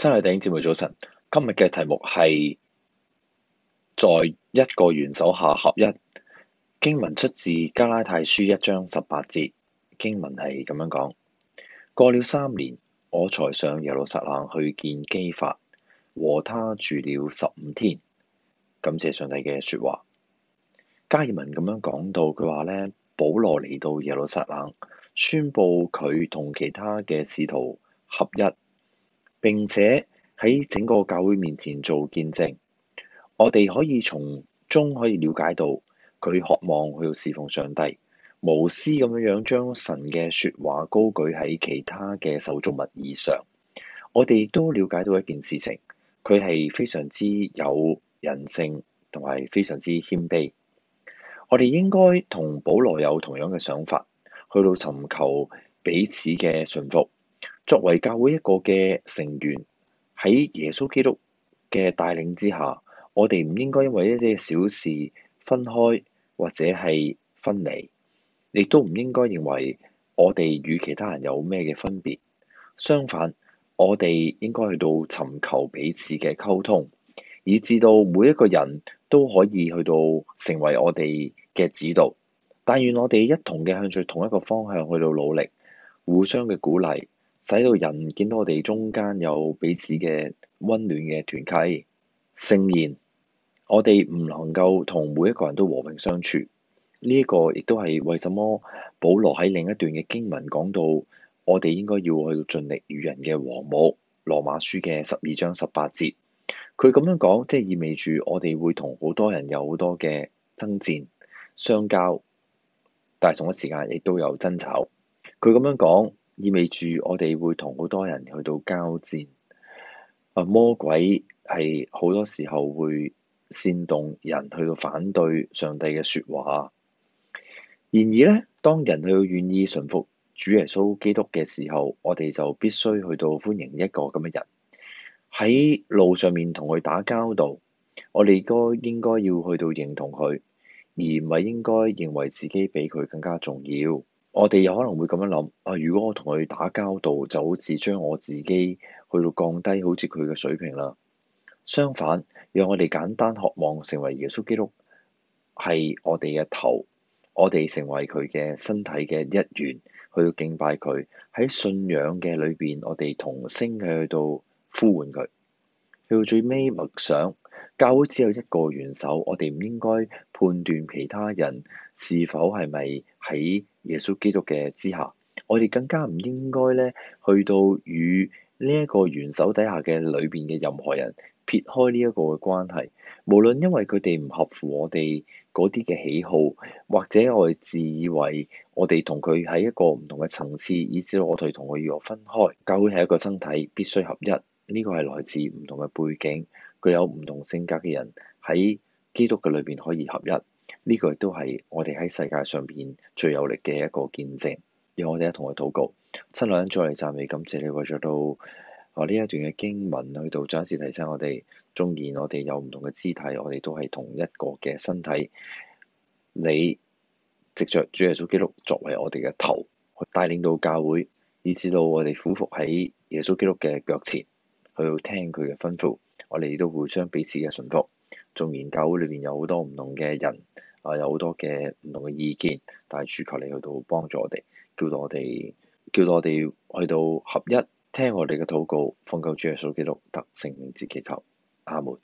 親愛嘅弟兄姊妹早晨，今日嘅題目係，在一個元首下合一。經文出自加拉太書一章十八節，經文係咁樣講，過了三年，我才上耶路撒冷去見基法，和他住了十五天，感謝上帝嘅說話，加爾文咁樣講到佢話呢，保羅嚟到耶路撒冷，宣布佢同其他嘅使徒合一。並且喺整個教會面前做見證，我哋可以從中可以了解到佢渴望去侍奉上帝，無私咁樣將神嘅説話高舉喺其他嘅受造物以上。我哋都了解到一件事情，佢係非常之有人性，同埋非常之謙卑。我哋應該同保羅有同樣嘅想法，去到尋求彼此嘅信服。作為教會一個嘅成員，喺耶穌基督嘅帶領之下，我哋唔應該因為一啲小事分開或者係分離，亦都唔應該認為我哋與其他人有咩嘅分別。相反，我哋應該去到尋求彼此嘅溝通，以至到每一個人都可以去到成為我哋嘅指導。但願我哋一同嘅向著同一個方向去到努力，互相嘅鼓勵。使到人見到我哋中間有彼此嘅溫暖嘅團契。聖言，我哋唔能夠同每一個人都和平相處。呢一個亦都係為什麼保羅喺另一段嘅經文講到，我哋應該要去盡力與人嘅和睦，羅馬書嘅十二章十八節，佢咁樣講，即係意味住我哋會同好多人有好多嘅爭戰、相交，但係同一時間亦都有爭吵。佢咁樣講。意味住我哋會同好多人去到交戰。啊，魔鬼係好多時候會煽動人去到反對上帝嘅説話。然而咧，當人去到願意順服主耶穌基督嘅時候，我哋就必須去到歡迎一個咁嘅人。喺路上面同佢打交道，我哋該應該要去到認同佢，而唔係應該認為自己比佢更加重要。我哋有可能會咁樣諗啊！如果我同佢打交道，就好似將我自己去到降低，好似佢嘅水平啦。相反，讓我哋簡單渴望成為耶穌基督，係我哋嘅頭，我哋成為佢嘅身體嘅一員，去到敬拜佢喺信仰嘅裏邊，我哋同聲去到呼喚佢，去到最尾默想。教會只有一個元首，我哋唔應該判斷其他人是否係咪喺耶穌基督嘅之下。我哋更加唔應該咧，去到與呢一個元首底下嘅裏邊嘅任何人撇開呢一個嘅關係。無論因為佢哋唔合乎我哋嗰啲嘅喜好，或者我哋自以為我哋同佢喺一個唔同嘅層次，以至我哋同佢要分開。教會係一個身體，必須合一。呢個係來自唔同嘅背景。具有唔同性格嘅人喺基督嘅裏邊可以合一，呢、這個亦都係我哋喺世界上邊最有力嘅一個見證。而我哋一同去禱告，親愛嘅再嚟讚美感謝你為，為咗到呢一段嘅經文去到暫時提醒我哋，縱然我哋有唔同嘅肢體，我哋都係同一個嘅身體。你藉着主耶穌基督作為我哋嘅頭，去帶領到教會，以至到我哋俯伏喺耶穌基督嘅腳前，去聽佢嘅吩咐。我哋都互相彼此嘅信服，仲教會裏邊有好多唔同嘅人，啊有好多嘅唔同嘅意見，但係主求你去到幫助我哋，叫到我哋，叫到我哋去到合一，聽我哋嘅禱告，奉救主耶穌基督得勝嘅名字祈求，阿門。